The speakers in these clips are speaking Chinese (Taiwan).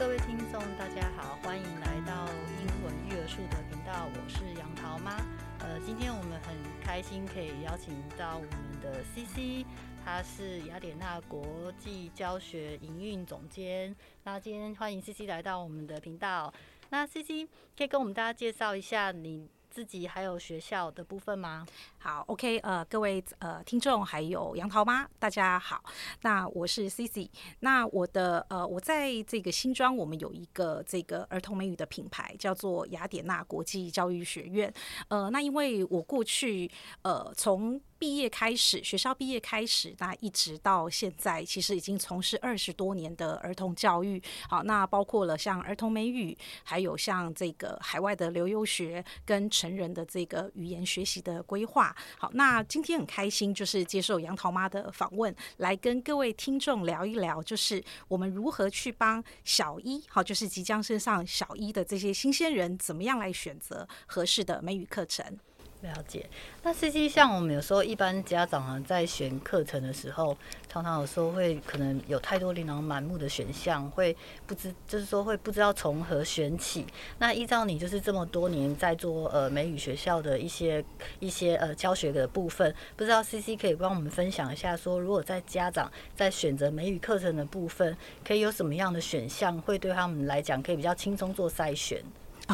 各位聽眾，大家好，歡迎來到英文育兒術的頻道，我是楊桃媽。呃，今天我們很開心可以邀請到我們的 Sisy，她是雅典娜國際教學營運總監。那今天歡迎 Sisy 來到我們的頻道。那 Sisy 可以跟我們大家介紹一下你自己還有學校的部分嗎？好，OK，呃，各位呃聽眾還有楊桃媽，大家好。那我是 Sisy。那我的呃，我在這個新莊，我們有一個這個兒童美語的品牌，叫做雅典娜國際教育學院。呃，那因為我過去呃從畢業開始，學校畢業開始，那一直到現在，其實已經從事二十多年的兒童教育。好，那包括了像兒童美語，還有像這個海外的留遊學跟成人的這個語言學習的規劃。好，那今天很開心，就是接受楊桃媽的訪問，來跟各位聽眾聊一聊，就是我們如何去幫小一，好，就是即將升上小一的這些新鮮人，怎麼樣來選擇合適的美語課程。了解，那 Sisy 像我們有時候一般家長啊在選課程的時候，常常有時候會可能有太多琳琅滿目的選項，會不知就是說會不知道從何選起。那依照你就是這麼多年在做呃美語學校的一些一些呃教學的部分，不知道 Sisy 可以幫我們分享一下說，說如果在家長在選擇美語課程的部分，可以有什麼樣的選項，會對他們來講可以比較輕鬆做篩選？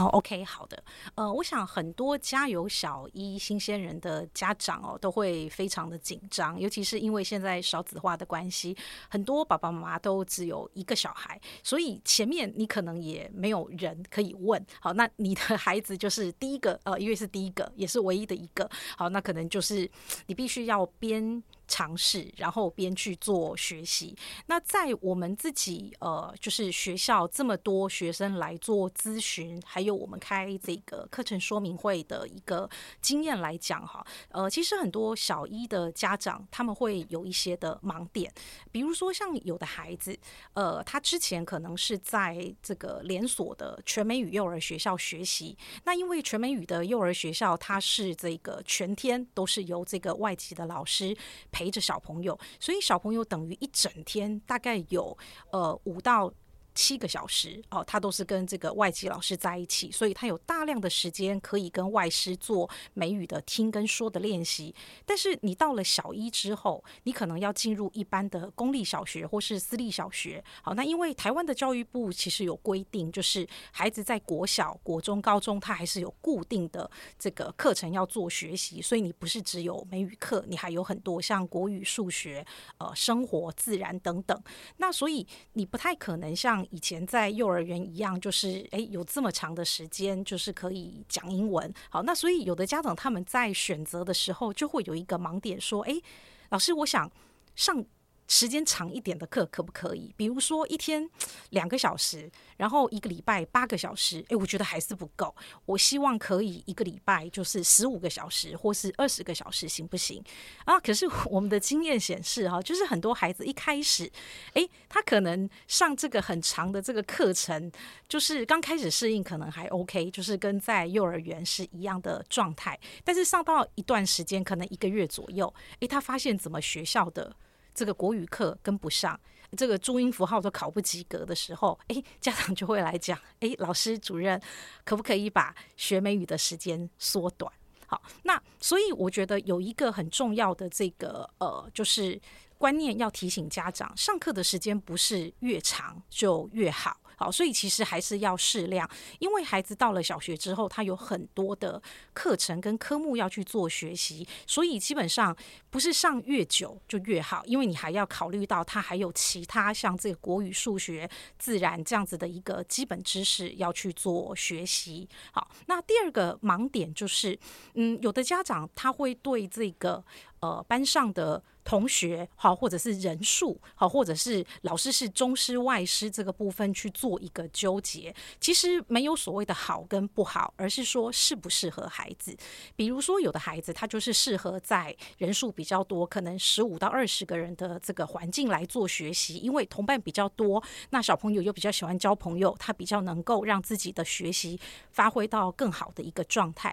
哦，oh，OK，好的，呃，我想很多家有小一新鮮人的家長哦，都會非常的緊張，尤其是因為現在少子化的關係，很多爸爸媽媽都只有一個小孩，所以前面你可能也沒有人可以問。好，那你的孩子就是第一個，呃，因為是第一個，也是唯一的一個。好，那可能就是你必須要編。嘗試，然後邊去做學習。那在我們自己呃，就是學校這麼多學生來做諮詢，還有我們開這個課程說明會的一個經驗來講哈，呃，其實很多小一的家長他們會有一些的盲點，比如說像有的孩子，呃，他之前可能是在這個連鎖的全美語幼兒學校學習，那因為全美語的幼兒學校它是這個全天都是由這個外籍的老師。陪着小朋友，所以小朋友等於一整天，大概有呃五到七個小時哦，他都是跟這個外籍老師在一起，所以他有大量的時間可以跟外師做美語的聽跟說的練習。但是你到了小一之後，你可能要進入一般的公立小學或是私立小學。好、哦，那因為台灣的教育部其實有規定，就是孩子在國小、國中、高中，他還是有固定的這個課程要做學習，所以你不是只有美語課，你還有很多像國語、數學、呃，生活、自然等等。那所以你不太可能像。以前在幼兒園一樣，就是誒、欸、有這麼長的時間，就是可以講英文。好，那所以有的家長他們在選擇的時候，就會有一個盲點說，說、欸、哎，老師，我想上。時間長一點的課可不可以？比如說一天兩個小時，然後一個禮拜八個小時，誒，我覺得還是不夠。我希望可以一個禮拜就是十五個小時，或是二十個小時，行不行？啊，可是我們的經驗顯示，哈，就是很多孩子一開始，誒，他可能上這個很長的這個課程，就是剛開始適應，可能還 OK，就是跟在幼兒園是一樣的狀態。但是上到一段時間，可能一個月左右，誒，他發現怎麼學校的。這個國語課跟不上，這個注音符號都考不及格的時候，誒，家長就會來講，誒，老師主任，可不可以把學美語的時間縮短？好，那所以我覺得有一個很重要的這個呃，就是觀念要提醒家長，上課的時間不是越長就越好。好，所以其實還是要適量，因為孩子到了小學之後，他有很多的課程跟科目要去做學習，所以基本上不是上越久就越好，因為你還要考慮到他還有其他像這個國語、數學、自然這樣子的一個基本知識要去做學習。好，那第二個盲點就是，嗯，有的家長他會對這個。呃，班上的同學好，或者是人數好，或者是老師是中師、外師這個部分去做一個糾結，其實沒有所謂的好跟不好，而是說適不適合孩子。比如說，有的孩子他就是適合在人數比較多，可能十五到二十個人的這個環境來做學習，因為同伴比較多，那小朋友又比較喜歡交朋友，他比較能夠讓自己的學習發揮到更好的一個狀態。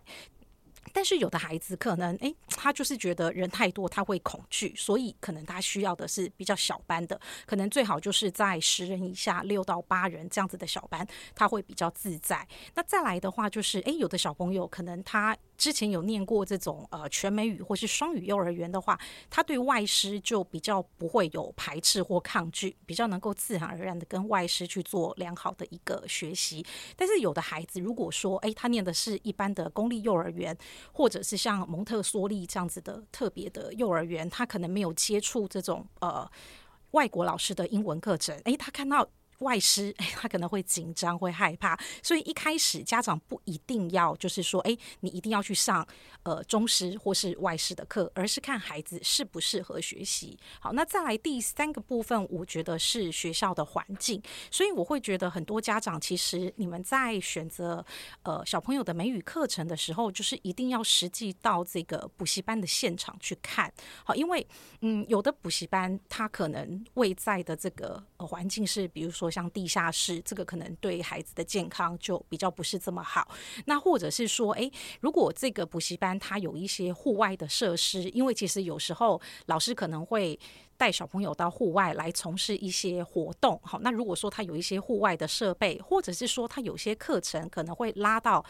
但是有的孩子可能，哎，他就是覺得人太多，他會恐懼，所以可能他需要的是比較小班的，可能最好就是在十人以下，六到八人這樣子的小班，他會比較自在。那再來的話就是，誒，有的小朋友可能他。之前有念過這種呃全美語或是雙語幼兒園的話，他對外師就比較不會有排斥或抗拒，比較能夠自然而然的跟外師去做良好的一個學習。但是有的孩子如果說誒，他念的是一般的公立幼兒園，或者是像蒙特梭利這樣子的特別的幼兒園，他可能沒有接觸這種呃外國老師的英文課程，誒，他看到。外師，誒、哎，他可能會緊張，會害怕，所以一開始家長不一定要，就是說，誒、哎，你一定要去上呃中師或是外師的課，而是看孩子適不適合學習。好，那再來第三個部分，我覺得是學校的環境，所以我會覺得很多家長其實你們在選擇呃小朋友的美語課程的時候，就是一定要實際到這個補習班的現場去看，好，因為嗯，有的補習班他可能位在的這個、呃、環境是，比如說。像地下室，這個可能對孩子的健康就比較不是這麼好。那或者是說，誒、欸，如果這個補習班它有一些戶外的設施，因為其實有時候老師可能會帶小朋友到戶外來從事一些活動。好，那如果說他有一些戶外的設備，或者是說他有些課程可能會拉到。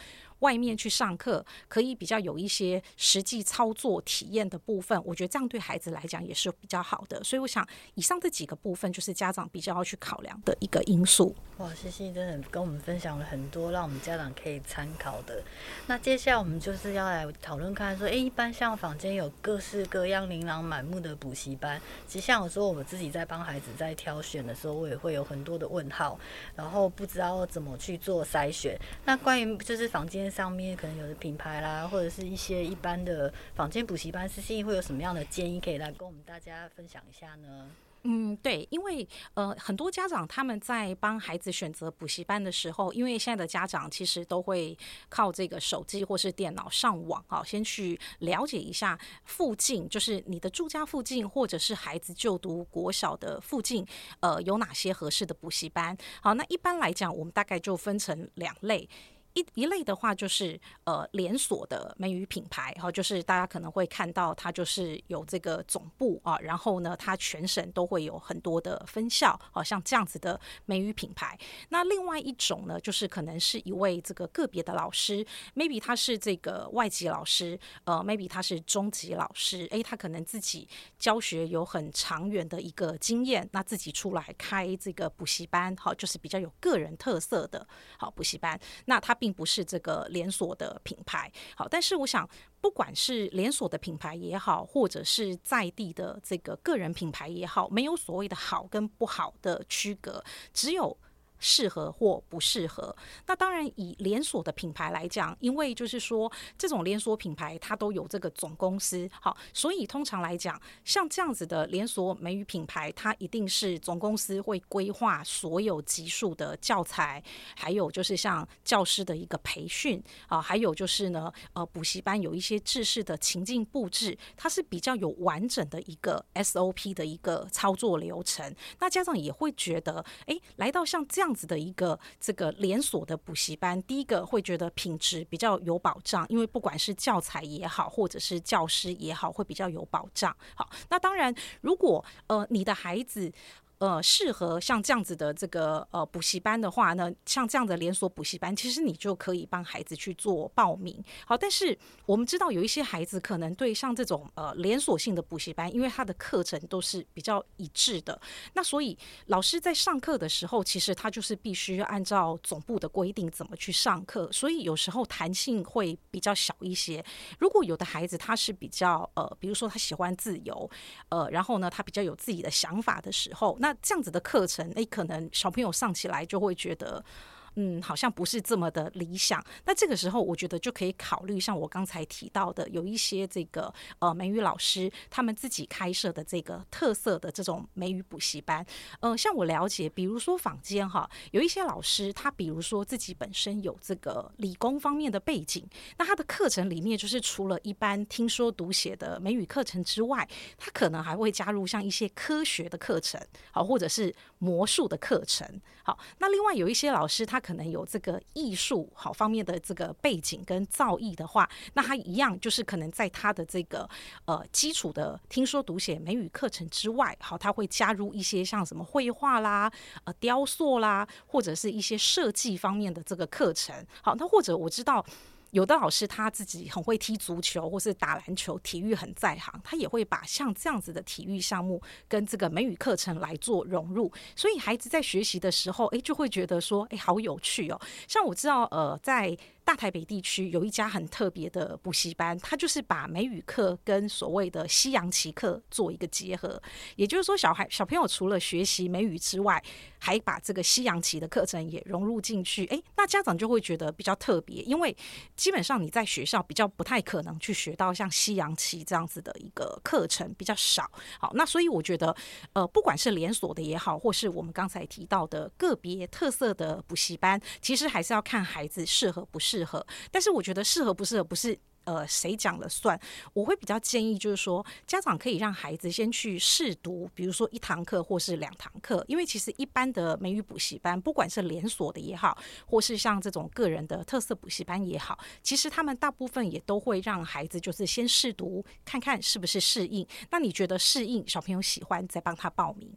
外面去上課，可以比較有一些實際操作體驗的部分，我覺得這樣對孩子來講也是比較好的。所以我想，以上這幾個部分就是家長比較要去考量的一個因素。哇，西西真的跟我們分享了很多，讓我們家長可以參考的。那接下來我們就是要來討論看，說，哎、欸，一般像坊間有各式各樣、琳琅滿目的補習班，其實像我說，我們自己在幫孩子在挑選的時候，我也會有很多的問號，然後不知道怎麼去做篩選。那關於就是坊間。上面可能有的品牌啦，或者是一些一般的坊間補習班，Sisy 會有什麼樣的建議可以來跟我們大家分享一下呢？嗯，對，因為呃，很多家長他們在幫孩子選擇補習班的時候，因為現在的家長其實都會靠這個手機或是電腦上網啊，先去了解一下附近，就是你的住家附近或者是孩子就讀國小的附近，呃，有哪些合適的補習班？好，那一般來講，我們大概就分成兩類。一一類的話就是呃連鎖的美語品牌哈，就是大家可能會看到它，就是有這個總部啊，然後呢，它全省都會有很多的分校，好、啊、像這樣子的美語品牌。那另外一種呢，就是可能是一位這個個別的老師，maybe 他是這個外籍老師，呃 maybe 他是中籍老師，誒、欸，他可能自己教學有很長遠的一個經驗，那自己出來開這個補習班好、啊，就是比較有個人特色的好補習班，那他。並不是這個連鎖的品牌，好，但是我想，不管是連鎖的品牌也好，或者是在地的這個個人品牌也好，沒有所謂的好跟不好的區隔，只有。適合或不適合？那當然，以連鎖的品牌來講，因為就是說，這種連鎖品牌它都有這個總公司，好，所以通常來講，像這樣子的連鎖美語品牌，它一定是總公司會規劃所有級數的教材，還有就是像教師的一個培訓啊、呃，還有就是呢，呃，補習班有一些制式的情境布置，它是比較有完整的一個 SOP 的一個操作流程。那家長也會覺得，哎、欸，來到像這樣。子的一個這個連鎖的補習班，第一個會覺得品質比較有保障，因為不管是教材也好，或者是教師也好，會比較有保障。好，那當然，如果呃你的孩子。呃，適合像這樣子的這個呃補習班的話呢，像這樣的連鎖補習班，其實你就可以幫孩子去做報名。好，但是我們知道有一些孩子可能對像這種呃連鎖性的補習班，因為他的課程都是比較一致的，那所以老師在上課的時候，其實他就是必須要按照總部的規定怎麼去上課，所以有時候彈性會比較小一些。如果有的孩子他是比較呃，比如說他喜歡自由，呃，然後呢，他比較有自己的想法的時候，那這樣子的課程，你、欸、可能小朋友上起來就會覺得。嗯，好像不是這麼的理想。那這個時候，我覺得就可以考慮像我剛才提到的，有一些這個呃美語老師他們自己開設的這個特色的這種美語補習班。呃，像我了解，比如說坊間哈，有一些老師他比如說自己本身有這個理工方面的背景，那他的課程裡面就是除了一般聽說讀寫的美語課程之外，他可能還會加入像一些科學的課程，好，或者是魔術的課程，好。那另外有一些老師他。可能有這個藝術好方面的這個背景跟造詣的話，那他一樣就是可能在他的這個呃基礎的聽說讀寫美語課程之外，好，他會加入一些像什麼繪畫啦、呃雕塑啦，或者是一些設計方面的這個課程。好，那或者我知道。有的老師他自己很會踢足球或是打籃球，體育很在行，他也會把像這樣子的體育項目跟這個美語課程來做融入，所以孩子在學習的時候，誒，就會覺得說，誒，好有趣哦。像我知道，呃，在。大台北地區有一家很特別的補習班，它就是把美語課跟所謂的西洋棋課做一個結合。也就是說，小孩小朋友除了學習美語之外，還把這個西洋棋的課程也融入進去。誒、欸，那家長就會覺得比較特別，因為基本上你在學校比較不太可能去學到像西洋棋這樣子的一個課程，比較少。好，那所以我覺得，呃，不管是連鎖的也好，或是我們剛才提到的個別特色的補習班，其實還是要看孩子適合不適合。適合，但是我覺得適合不適合不是呃誰講了算。我會比較建議就是說，家長可以讓孩子先去試讀，比如說一堂課或是兩堂課。因為其實一般的美語補習班，不管是連鎖的也好，或是像這種個人的特色補習班也好，其實他們大部分也都會讓孩子就是先試讀，看看是不是適應。那你覺得適應，小朋友喜歡，再幫他報名。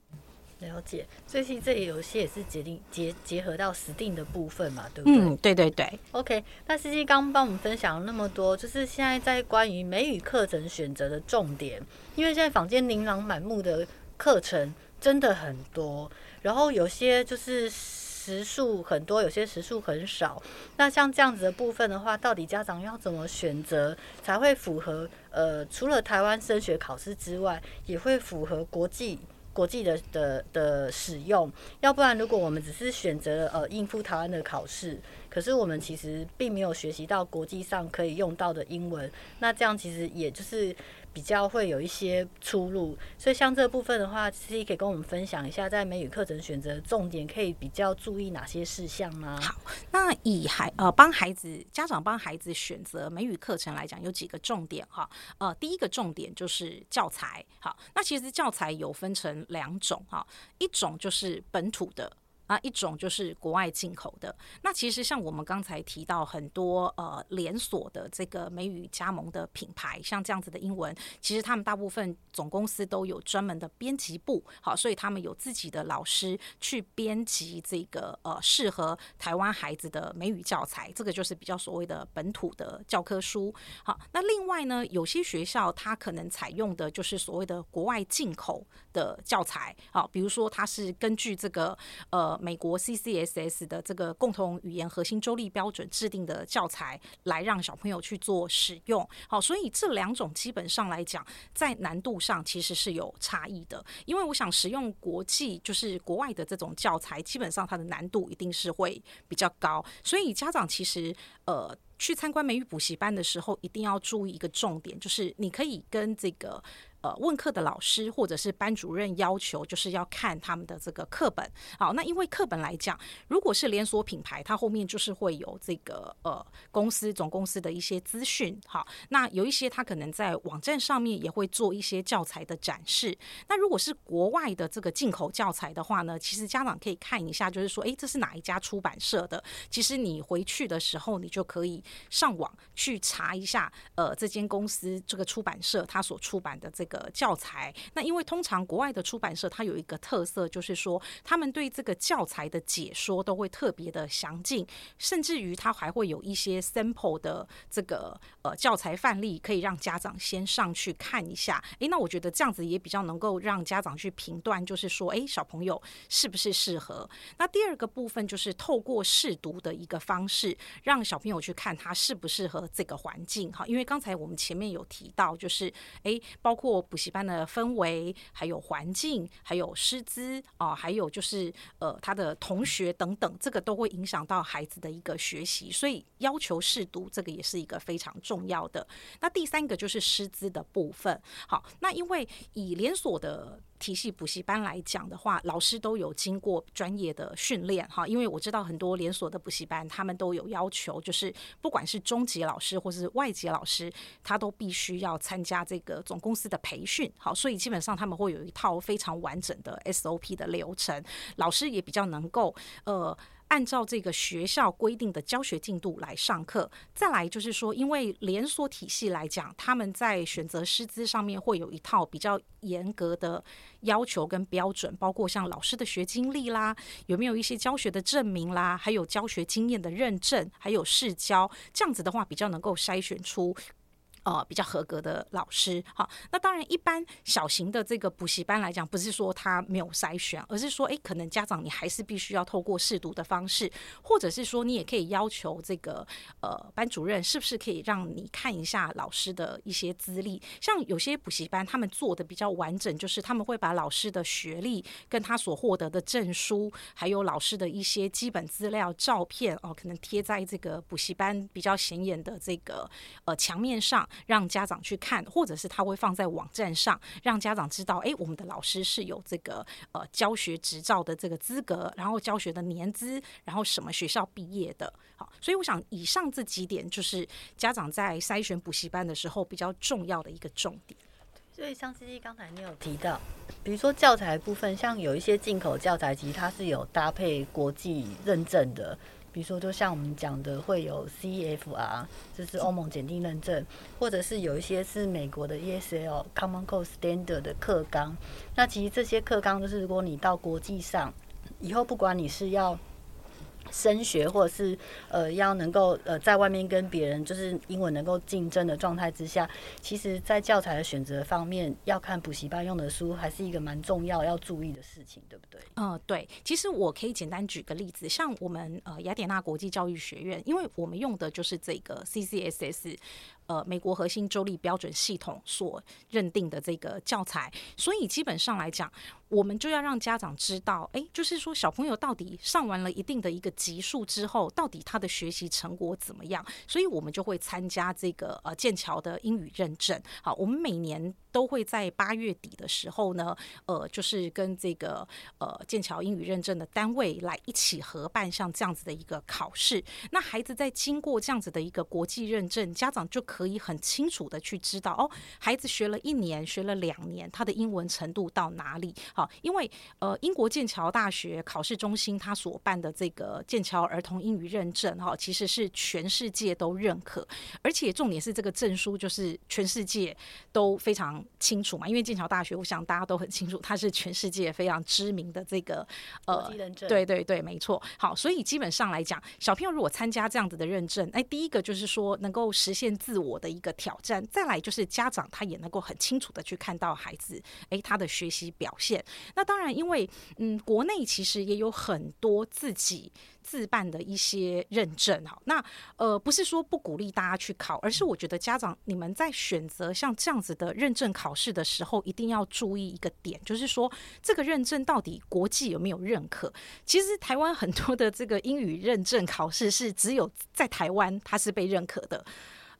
了解，最近這些有一些也是結定結結合到時定的部分嘛，對不對？嗯，對對對。OK，那 Sisy 剛剛幫我們分享了那麼多，就是現在在關於美語課程選擇的重點，因為現在坊間琳琅滿目的課程真的很多，然後有些就是時數很多，有些時數很少。那像這樣子的部分的話，到底家長要怎麼選擇才會符合？呃，除了台灣升學考試之外，也會符合國際。國際的的的使用，要不然如果我們只是選擇了呃應付台灣的考試，可是我們其實並沒有學習到國際上可以用到的英文，那這樣其實也就是。比較會有一些出路，所以像這部分的話，其實也可以跟我們分享一下，在美語課程選擇重點可以比較注意哪些事項呢？好，那以孩呃幫孩子家長幫孩子選擇美語課程來講，有幾個重點哈、哦。呃，第一個重點就是教材，好、哦，那其實教材有分成兩種哈、哦，一種就是本土的。啊，一種就是國外進口的。那其實像我們剛才提到很多呃連鎖的這個美語加盟的品牌，像這樣子的英文，其實他們大部分總公司都有專門的編輯部，好，所以他們有自己的老師去編輯這個呃適合台灣孩子的美語教材，這個就是比較所謂的本土的教科書。好，那另外呢，有些學校它可能採用的就是所謂的國外進口的教材，好，比如說它是根據這個呃。美國 CCSS 的這個共同語言核心州立標準制定的教材來讓小朋友去做使用，好，所以這兩種基本上來講，在難度上其實是有差異的。因為我想使用國際就是國外的這種教材，基本上它的難度一定是會比較高。所以家長其實呃去參觀美語補習班的時候，一定要注意一個重點，就是你可以跟這個。呃，問課的老師或者是班主任要求就是要看他們的這個課本。好，那因為課本來講，如果是連鎖品牌，它後面就是會有這個呃公司總公司的一些資訊。好，那有一些他可能在網站上面也會做一些教材的展示。那如果是國外的這個進口教材的話呢，其實家長可以看一下，就是說，誒，這是哪一家出版社的？其實你回去的時候，你就可以上網去查一下，呃，這間公司這個出版社它所出版的這個。呃，教材，那因為通常國外的出版社它有一個特色，就是說他們對這個教材的解說都會特別的詳盡，甚至於它還會有一些 sample 的這個呃教材範例，可以讓家長先上去看一下。誒，那我覺得這樣子也比較能夠讓家長去評斷，就是說，誒，小朋友是不是適合？那第二個部分就是透過試讀的一個方式，讓小朋友去看他適不適合這個環境。哈，因為剛才我們前面有提到，就是誒，包括。補習班的氛圍，還有環境，還有師資啊，還有就是呃他的同學等等，這個都會影響到孩子的一個學習，所以要求試讀，這個也是一個非常重要的。那第三個就是師資的部分，好，那因為以連鎖的。體系補習班來講的話，老師都有經過專業的訓練哈，因為我知道很多連鎖的補習班，他們都有要求，就是不管是中籍老師或是外籍老師，他都必須要參加這個總公司的培訓，好，所以基本上他們會有一套非常完整的 SOP 的流程，老師也比較能夠呃。按照這個學校規定的教學進度來上課，再來就是說，因為連鎖體系來講，他們在選擇師資上面會有一套比較嚴格的要求跟標準，包括像老師的學經歷啦，有沒有一些教學的證明啦，還有教學經驗的認證，還有試教，這樣子的話比較能夠篩選出。呃，比較合格的老師，好、啊，那當然，一般小型的這個補習班來講，不是說他沒有篩選，而是說，誒、欸，可能家長你還是必須要透過試讀的方式，或者是說，你也可以要求這個呃班主任是不是可以讓你看一下老師的一些資歷，像有些補習班他們做得比較完整，就是他們會把老師的學歷跟他所獲得的證書，還有老師的一些基本資料照片哦、呃，可能貼在這個補習班比較顯眼的這個呃牆面上。讓家長去看，或者是他會放在網站上，讓家長知道，哎、欸，我們的老師是有這個呃教學執照的這個資格，然後教學的年資，然後什麼學校畢業的。好，所以我想以上這幾點就是家長在篩選補習班的時候比較重要的一個重點。所以，像 Sisy 剛才你有提到，比如說教材部分，像有一些進口教材，其實它是有搭配國際認證的。比如說，就像我們講的，會有 CEFR 啊，就是歐盟檢定認證，或者是有一些是美國的 ESL Common Core Standard 的課綱。那其實這些課綱就是，如果你到國際上，以後不管你是要升學或者是呃要能夠呃在外面跟別人就是英文能夠競爭的狀態之下，其實，在教材的選擇方面，要看補習班用的書還是一個蠻重要要注意的事情，對不對？嗯，對。其實我可以簡單舉個例子，像我們呃雅典娜國際教育學院，因為我們用的就是這個 CCSS。呃，美國核心州立標準系統所認定的這個教材，所以基本上來講，我們就要讓家長知道，哎、欸，就是說小朋友到底上完了一定的一個級數之後，到底他的學習成果怎麼樣？所以我們就會參加這個呃劍橋的英語認證。好，我們每年。都會在八月底的時候呢，呃，就是跟這個呃劍橋英語認證的單位來一起合辦像這樣子的一個考試。那孩子在經過這樣子的一個國際認證，家長就可以很清楚地去知道哦，孩子學了一年，學了兩年，他的英文程度到哪裡？好，因為呃，英國劍橋大學考試中心他所辦的這個劍橋兒童英語認證，哈，其實是全世界都認可，而且重點是這個證書就是全世界都非常清楚嘛？因為劍橋大學，我想大家都很清楚，它是全世界非常知名的這個呃認證。對對對，沒錯。好，所以基本上來講，小朋友如果參加這樣子的認證，哎，第一個就是說能夠實現自我的一個挑戰；再來就是家長他也能夠很清楚的去看到孩子，誒、哎，他的學習表現。那當然，因為嗯，國內其實也有很多自己。自辦的一些認證。好，那，呃，不是說不鼓勵大家去考，而是我覺得家長你們在選擇像這樣子的認證考試的時候，一定要注意一個點，就是說這個認證到底國際有沒有認可？其實台灣很多的這個英語認證考試是只有在台灣它是被認可的，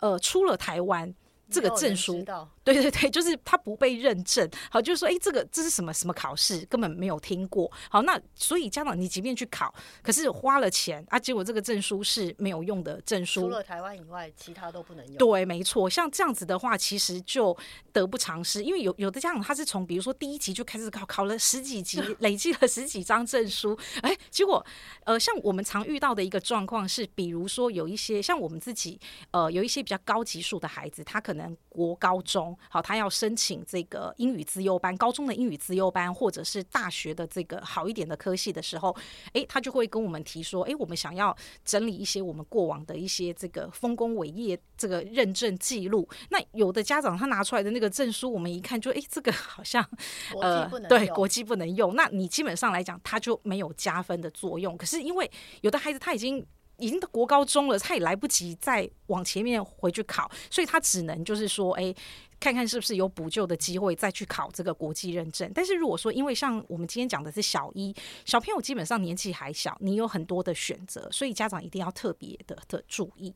呃，出了台灣這個證書。對對對，就是他不被認證，好，就是說，哎，這個這是什麼什麼考試，根本沒有聽過。好，那所以家長你即便去考，可是花了錢啊，結果這個證書是沒有用的證書。除了台灣以外，其他都不能用。對，沒錯，像這樣子的話，其實就得不償失，因為有有的家長他是從比如說第一級就開始考，考了十幾級，累積了十幾張證書，哎， 結果呃，像我們常遇到的一個狀況是，比如說有一些像我們自己呃，有一些比較高級數的孩子，他可能國高中。好，他要申請這個英語資優班，高中的英語資優班，或者是大學的這個好一點的科系的時候，誒、欸，他就會跟我們提說，誒、欸，我們想要整理一些我們過往的一些這個豐功偉業這個認證記錄。那有的家長他拿出來的那個證書，我們一看就，誒、欸，這個好像呃，對，國際不能用。那你基本上來講，他就沒有加分的作用。可是因為有的孩子他已經。已經到國高中了，他也來不及再往前面回去考，所以他只能就是說，誒、欸，看看是不是有補救的機會再去考這個國際認證。但是如果說，因為像我們今天講的是小一小朋友，基本上年紀還小，你有很多的選擇，所以家長一定要特別的，的注意，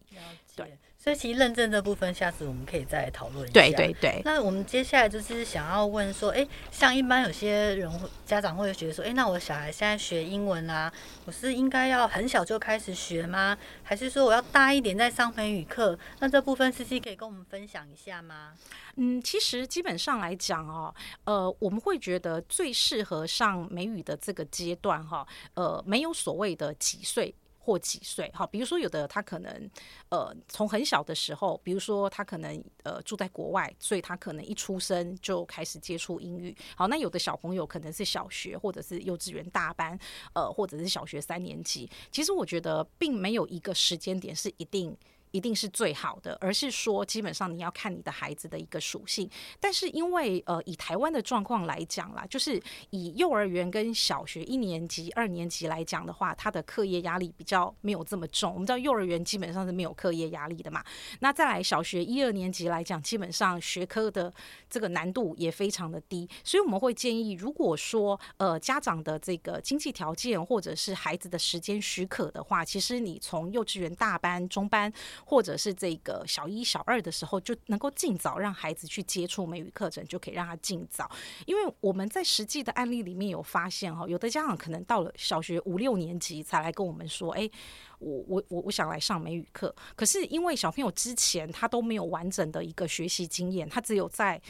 對。所以，其實認證這部分，下次我們可以再討論一下。對對對。那我們接下來就是想要問說，哎、欸，像一般有些人家長會覺得說，哎、欸，那我小孩現在學英文啦、啊，我是應該要很小就開始學嗎？還是說我要大一點再上美語課？那這部分 Sisy 可以跟我們分享一下嗎？嗯，其實基本上來講哦，呃，我們會覺得最適合上美語的這個階段哈、哦，呃，沒有所謂的幾歲。過幾歲？好，比如說有的他可能，呃，從很小的時候，比如說他可能呃住在國外，所以他可能一出生就開始接觸英語。好，那有的小朋友可能是小學或者是幼稚園大班，呃，或者是小學三年級。其實我覺得並沒有一個時間點是一定。一定是最好的，而是說基本上你要看你的孩子的一個屬性。但是因為呃以台灣的狀況來講啦，就是以幼兒園跟小學一年級、二年級來講的話，他的課業壓力比較沒有這麼重。我們知道幼兒園基本上是沒有課業壓力的嘛，那再來小學一二年級來講，基本上學科的這個難度也非常的低。所以我們會建議，如果說呃家長的這個經濟條件或者是孩子的時間許可的話，其實你從幼稚園大班、中班……或者是這個小一、小二的時候，就能夠盡早讓孩子去接觸美語課程，就可以讓他盡早。因為我們在實際的案例裡面有發現哈，有的家長可能到了小學五六年級才來跟我們說：“哎、欸，我、我、我我想來上美語課。”可是因為小朋友之前他都沒有完整的一個學習經驗，他只有在，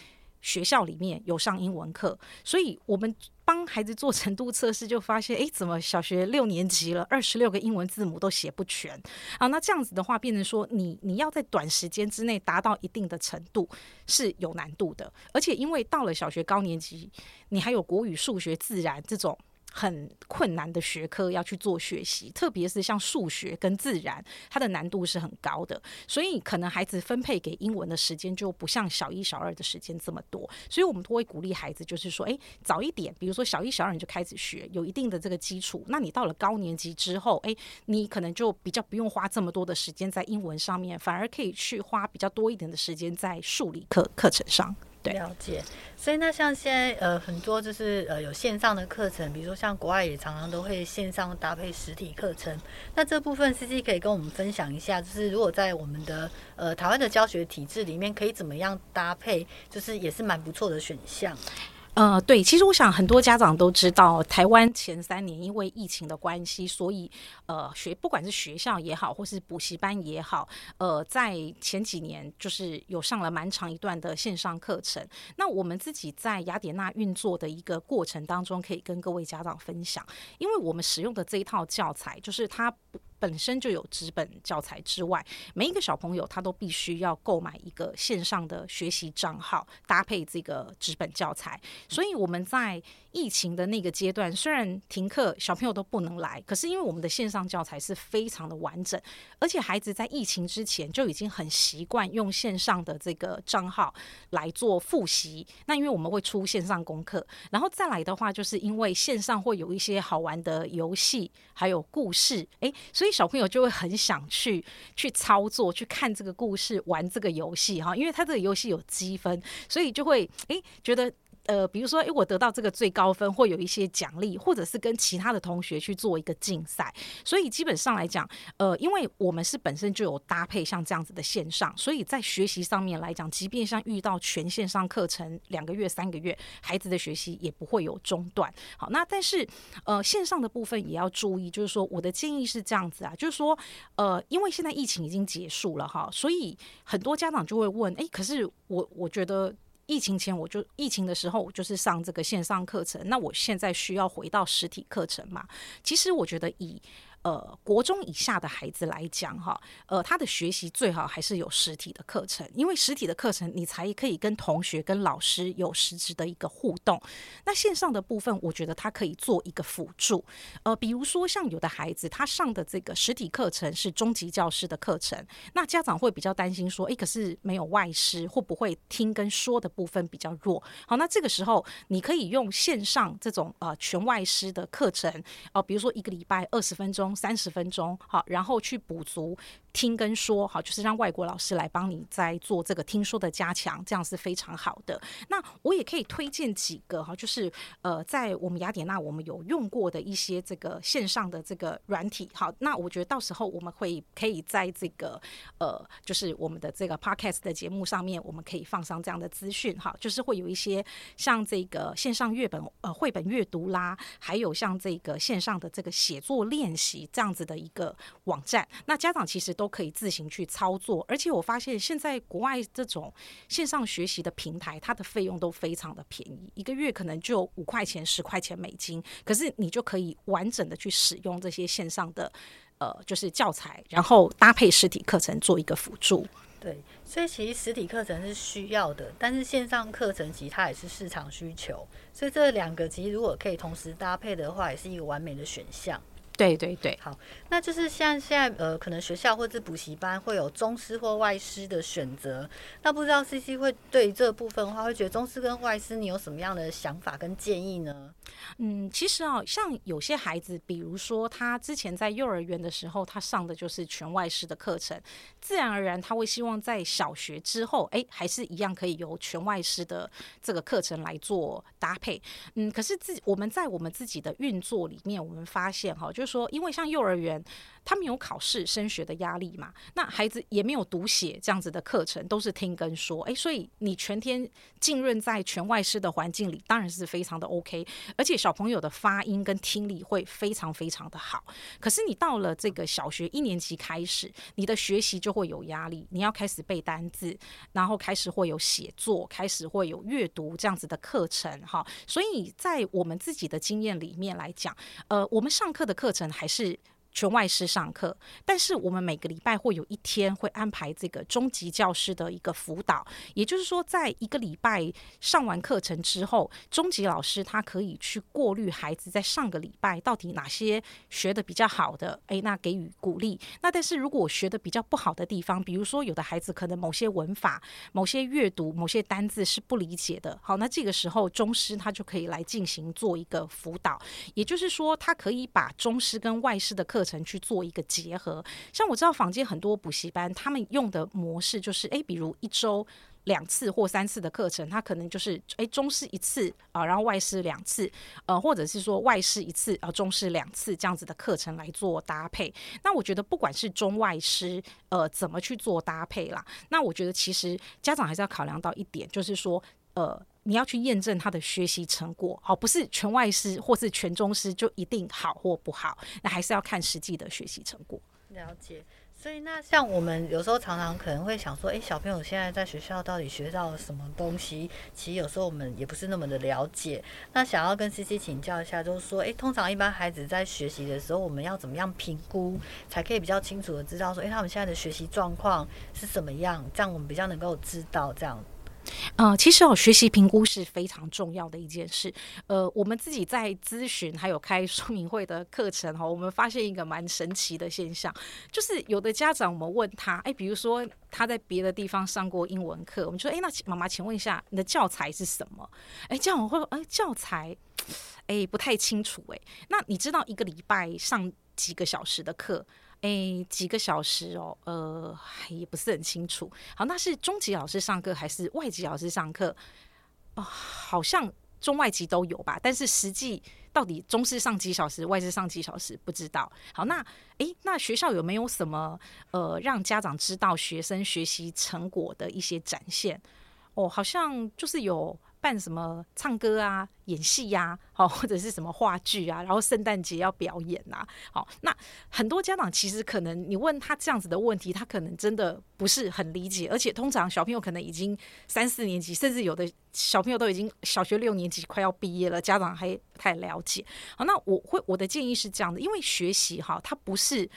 學校裡面有上英文課，所以我們幫孩子做程度測試，就發現，哎、欸，怎麼小學六年級了，二十六個英文字母都寫不全啊？那這樣子的話，變成說你，你你要在短時間之內達到一定的程度是有難度的，而且因為到了小學高年級，你還有國語、數學、自然這種。很困難的學科要去做學習，特別是像數學跟自然，它的難度是很高的，所以可能孩子分配給英文的時間就不像小一、小二的時間這麼多。所以我們都會鼓勵孩子，就是說，哎、欸，早一點，比如說小一、小二你就開始學，有一定的這個基礎，那你到了高年級之後，哎、欸，你可能就比較不用花這麼多的時間在英文上面，反而可以去花比較多一點的時間在數理課課程上。了解，所以那像現在呃很多就是呃有線上的課程，比如說像國外也常常都會線上搭配實體課程，那這部分 Sisy 可以跟我們分享一下，就是如果在我們的呃台灣的教學體制裡面，可以怎麼樣搭配，就是也是蠻不錯的選項。呃，對，其實我想很多家長都知道，台灣前三年因為疫情的關係，所以呃學不管是學校也好，或是補習班也好，呃，在前幾年就是有上了蠻長一段的線上課程。那我們自己在雅典娜運作的一個過程當中，可以跟各位家長分享，因為我們使用的這一套教材，就是它。本身就有紙本教材之外，每一個小朋友他都必須要購買一個線上的學習賬號，搭配這個紙本教材。所以我們在疫情的那個階段，雖然停課，小朋友都不能來，可是因為我們的線上教材是非常的完整，而且孩子在疫情之前就已經很習慣用線上的這個賬號來做複習。那因為我們會出線上功課，然後再來的話，就是因為線上會有一些好玩的遊戲，還有故事，誒、欸，所以。小朋友就會很想去去操作、去看這個故事、玩這個遊戲哈，因為他這個遊戲有積分，所以就會誒、欸、覺得。呃，比如說，欸，我得到這個最高分，會有一些獎勵，或者是跟其他的同學去做一個競賽。所以基本上來講，呃，因為我們是本身就有搭配像這樣子的線上，所以在學習上面來講，即便像遇到全線上課程兩個月、三個月，孩子的學習也不會有中斷。好，那但是呃，線上的部分也要注意，就是說我的建議是這樣子啊，就是說，呃，因為現在疫情已經結束了哈，所以很多家長就會問，欸，可是我我覺得。疫情前，我就疫情的時候，我就是上這個線上課程。那我現在需要回到實體課程嘛？其實我覺得以，呃，國中以下的孩子來講，哈，呃，他的學習最好還是有實體的課程，因為實體的課程你才可以跟同學、跟老師有實質的一個互動。那線上的部分，我覺得他可以做一個輔助。呃，比如說像有的孩子他上的這個實體課程是中籍教師的課程，那家長會比較擔心說，誒、欸，可是沒有外師，會不會聽跟說的部分比較弱？好，那這個時候你可以用線上這種呃全外師的課程，哦、呃，比如說一個禮拜二十分鐘。三十分鐘，好，然後去補足，聽跟說，好，就是讓外國老師來幫你在做這個聽說的加強，這樣是非常好的。那我也可以推薦幾個，哈，就是呃，在我們雅典娜，我們有用過的一些這個線上的這個軟體，好，那我覺得到時候我們會可以在這個呃，就是我們的這個 podcast 的節目上面，我們可以放上這樣的資訊，哈，就是會有一些像這個線上閱本，呃，繪本閱讀啦，還有像這個線上的這個寫作練習這樣子的一個網站。那家長其實。都可以自行去操作，而且我發現現在國外這種線上學習的平台，它的費用都非常的便宜，一個月可能就五塊錢、十塊錢美金，可是你就可以完整的去使用這些線上的呃，就是教材，然後搭配實體課程做一個輔助。對，所以其實實體課程是需要的，但是線上課程其實它也是市場需求，所以這兩個其實如果可以同時搭配的話，也是一個完美的選項。對對對，好，那就是像現在呃，可能學校或者補習班會有中師或外師的選擇，那不知道 Sisy 會對這部分的話，會覺得中師跟外師你有什麼樣的想法跟建議呢？嗯，其實啊、哦，像有些孩子，比如說他之前在幼兒園的時候，他上的就是全外師的課程，自然而然他會希望在小學之後，哎，還是一樣可以由全外師的這個課程來做搭配。嗯，可是自我們在我們自己的運作裡面，我們發現哈、哦，就是。說，因為像幼兒園，他們有考試升學的壓力嘛，那孩子也沒有讀寫這樣子的課程，都是聽跟說，誒、欸，所以你全天浸潤在全外師的環境裡，當然是非常的 OK，而且小朋友的發音跟聽力會非常非常的好。可是你到了這個小學一年級開始，你的學習就會有壓力，你要開始背單字，然後開始會有寫作，開始會有閱讀這樣子的課程，哈，所以在我們自己的經驗裡面來講，呃，我們上課的課程。算還是。全外師上課，但是我們每個禮拜會有一天會安排這個中級教師的一個輔導，也就是說，在一個禮拜上完課程之後，中級老師他可以去過濾孩子在上個禮拜到底哪些學的比較好的，誒，那給予鼓勵。那但是如果我學的比較不好的地方，比如說有的孩子可能某些文法、某些閱讀、某些單字是不理解的，好，那這個時候中師他就可以來進行做一個輔導，也就是說，他可以把中師跟外師的課。課程去做一個結合，像我知道坊間很多補習班，他們用的模式就是，誒，比如一周兩次或三次的課程，他可能就是，誒，中師一次啊、呃，然後外師兩次，呃，或者是說外師一次啊、呃，中師兩次這樣子的課程來做搭配。那我覺得不管是中外師，呃，怎麼去做搭配啦，那我覺得其實家長還是要考量到一點，就是說，呃。你要去驗證他的學習成果，好、哦，不是全外師或是全中師就一定好或不好，那還是要看實際的學習成果。了解，所以那像我們有時候常常可能會想說，哎，小朋友現在在學校到底學到了什麼東西？其實有時候我們也不是那麼的了解。那想要跟 Sisy 請教一下，就是說，哎，通常一般孩子在學習的時候，我們要怎麼樣評估，才可以比較清楚地知道說，哎，他們現在的學習狀況是什麼樣？這樣我們比較能夠知道這樣。嗯、呃，其實哦，學習評估是非常重要的一件事。呃，我們自己在諮詢還有開說明會的課程哈、哦，我們發現一個蠻神奇的現象，就是有的家長，我們問他，誒、欸，比如說他在別的地方上過英文課，我們說，哎、欸，那媽媽，請問一下，你的教材是什麼？哎、欸，這樣我會說，哎、欸，教材，哎、欸，不太清楚、欸，誒，那你知道一個禮拜上幾個小時的課？哎，幾個小時哦，呃，也不是很清楚。好，那是中籍老師上課還是外籍老師上課？哦，好像中外籍都有吧，但是實際到底中師上幾小時，外師上幾小時不知道。好，那，哎，那學校有沒有什麼呃，讓家長知道學生學習成果的一些展現？哦，好像就是有。辦什麼唱歌啊、演戲呀、啊，好或者是什麼話劇啊，然後聖誕節要表演吶、啊，好，那很多家長其實可能你問他這樣子的問題，他可能真的不是很理解，而且通常小朋友可能已經三四年級，甚至有的小朋友都已經小學六年級快要畢業了，家長還太了解。好，那我會我的建議是這樣的，因為學習哈，它不是。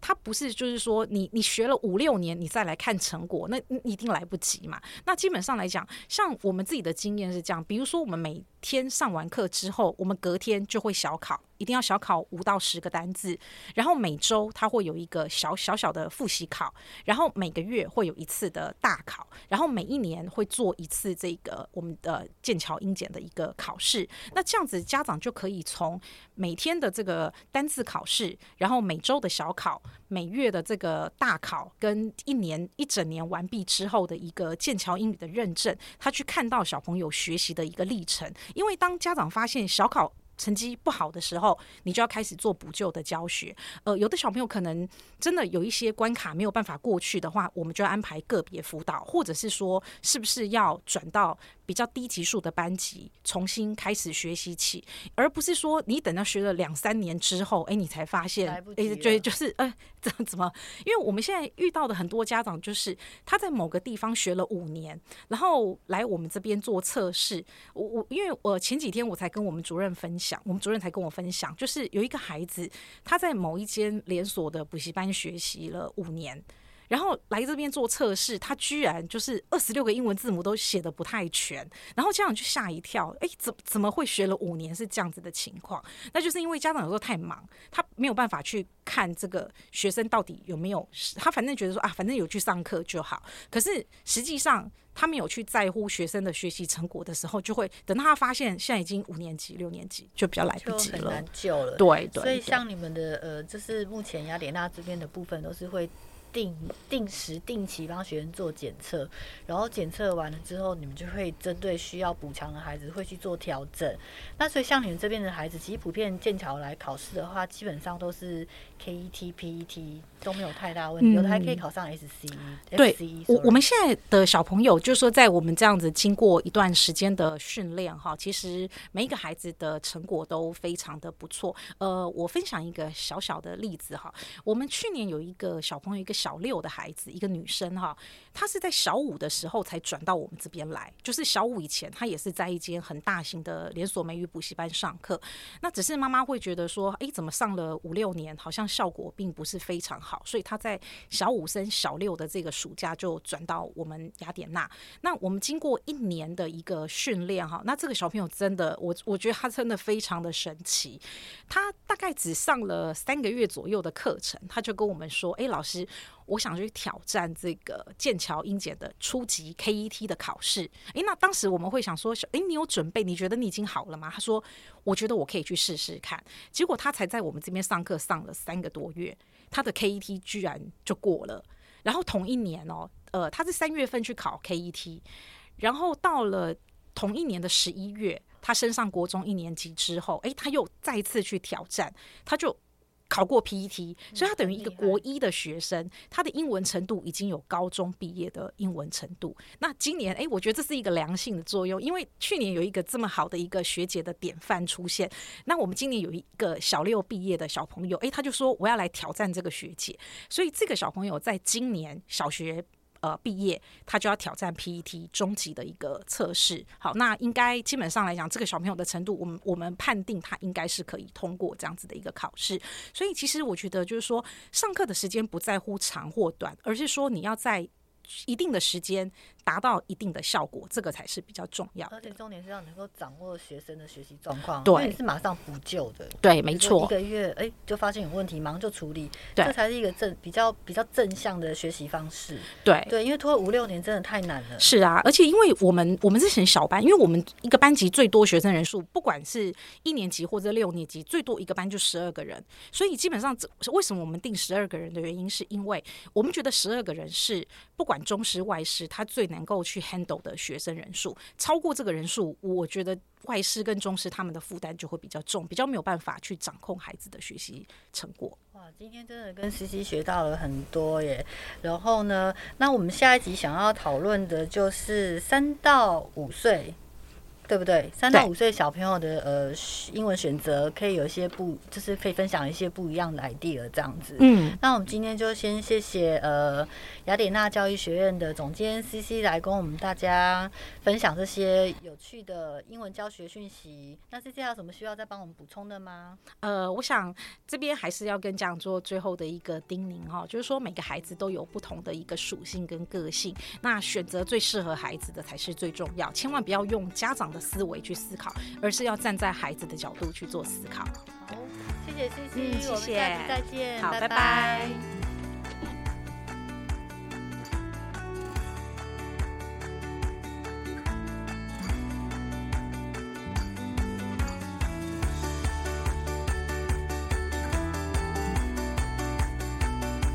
他不是，就是說你，你你學了五六年，你再來看成果，那一定來不及嘛。那基本上來講，像我們自己的經驗是這樣，比如說我們每天上完課之後，我們隔天就會小考。一定要小考五到十個單字，然後每週他會有一個小小小的複習考，然後每個月會有一次的大考，然後每一年會做一次這個我們的劍橋英檢的一個考試。那這樣子家長就可以從每天的這個單字考試，然後每週的小考，每月的這個大考，跟一年一整年完畢之後的一個劍橋英語的認證，他去看到小朋友學習的一個歷程。因為當家長發現小考，成績不好的時候，你就要開始做補救的教學。呃，有的小朋友可能真的有一些關卡沒有辦法過去的話，我們就要安排個別輔導，或者是說，是不是要轉到比較低級數的班級重新開始學習起，而不是說你等到學了兩三年之後，哎、欸，你才發現哎，對、欸，就是，呃、欸，怎麼怎麼？因為我們現在遇到的很多家長，就是他在某個地方學了五年，然後來我們這邊做測試。我我因為我前幾天我才跟我們主任分享，我們主任才跟我分享，就是有一個孩子他在某一間連鎖的補習班學習了五年。然後來這邊做測試，他居然就是二十六個英文字母都寫得不太全，然後家長就嚇一跳，哎，怎麼怎麼會學了五年是這樣子的情況？那就是因為家長有時候太忙，他沒有辦法去看這個學生到底有沒有，他反正覺得說啊，反正有去上課就好。可是實際上他沒有去在乎學生的學習成果的時候，就會等到他發現現在已經五年級、六年級就比較來不及了，就很難救了。對對，對，所以像你們的呃，就是目前雅典娜這邊的部分都是會。定定時定期幫學生做檢測，然後檢測完了之後，你們就會針對需要補強的孩子會去做調整。那所以像你們這邊的孩子，其實普遍劍橋來考試的話，基本上都是 KET、PET 都沒有太大問題，嗯，有的還可以考上 SC。對，FC，我我們現在的小朋友，就是說在我們這樣子經過一段時間的訓練哈，其實每一個孩子的成果都非常的不錯。呃，我分享一個小小的例子哈，我們去年有一個小朋友一個小。小六的孩子，一個女生哈，她是在小五的時候才轉到我們這邊來。就是小五以前，她也是在一間很大型的連鎖美語補習班上課。那只是媽媽會覺得說，哎、欸，怎麼上了五六年，好像效果並不是非常好。所以她在小五升小六的這個暑假就轉到我們雅典娜。那我們經過一年的一個訓練哈，那這個小朋友真的，我我覺得他真的非常的神奇。他大概只上了三個月左右的課程，他就跟我們說，哎、欸，老師。我想去挑戰這個劍橋英檢的初級 KET 的考試。誒、欸，那當時我們會想說，誒、欸，你有準備？你覺得你已經好了嗎？他說，我覺得我可以去試試看。結果他才在我們這邊上課上了三個多月，他的 KET 居然就過了。然後同一年哦、喔，呃，他是三月份去考 KET，然後到了同一年的十一月，他升上國中一年級之後，誒、欸，他又再次去挑戰，他就。考過 PET，所以他等於一個國一的學生，他的英文程度已經有高中畢業的英文程度。那今年，誒、欸，我覺得這是一個良性的作用，因為去年有一個這麼好的一個學姐的典範出現。那我們今年有一個小六畢業的小朋友，誒、欸，他就說我要來挑戰這個學姐，所以這個小朋友在今年小學。呃，畢業，他就要挑戰 PET 中級的一個測試。好，那應該基本上來講，這個小朋友的程度，我們我們判定他應該是可以通過這樣子的一個考試。所以，其實我覺得就是說，上課的時間不在乎長或短，而是說你要在一定的時間。達到一定的效果，這個才是比較重要。而且重點是要能夠掌握學生的學習狀況，對，因為你是馬上補救的。對，沒錯，一個月哎，欸，就發現有問題，馬上就處理，對，這才是一個正比較比較正向的學習方式。對對，因為拖五六年真的太難了。是啊，而且因為我們我們是選小班，因為我們一個班級最多學生人數，不管是一年級或者六年級，最多一個班就十二個人。所以基本上，為什麼我們定十二個人的原因，是因為我們覺得十二個人是不管中師、外師，他最難，能夠去 handle 的學生人數超過這個人數，我覺得外師跟中師他們的負擔就會比較重，比較沒有辦法去掌控孩子的學習成果。哇，今天真的跟 Sisy 學到了很多耶！然後呢，那我們下一集想要討論的就是三到五歲。對不對？三到五歲小朋友的呃英文選擇可以有一些不，就是可以分享一些不一樣的 idea 這樣子。嗯，那我們今天就先謝謝呃雅典娜教育學院的總監 Sisy 來跟我們大家分享這些有趣的英文教學訊息。那 Sisy 有什麼需要再幫我們補充的嗎？呃，我想這邊還是要跟家長做最後的一個叮嚀哈，就是說每個孩子都有不同的一個屬性跟個性，那選擇最適合孩子的才是最重要，千萬不要用家長的。思維去思考，而是要站在孩子的角度去做思考。好，謝謝清清。嗯，謝謝，謝謝，我們下次再見，好，拜拜。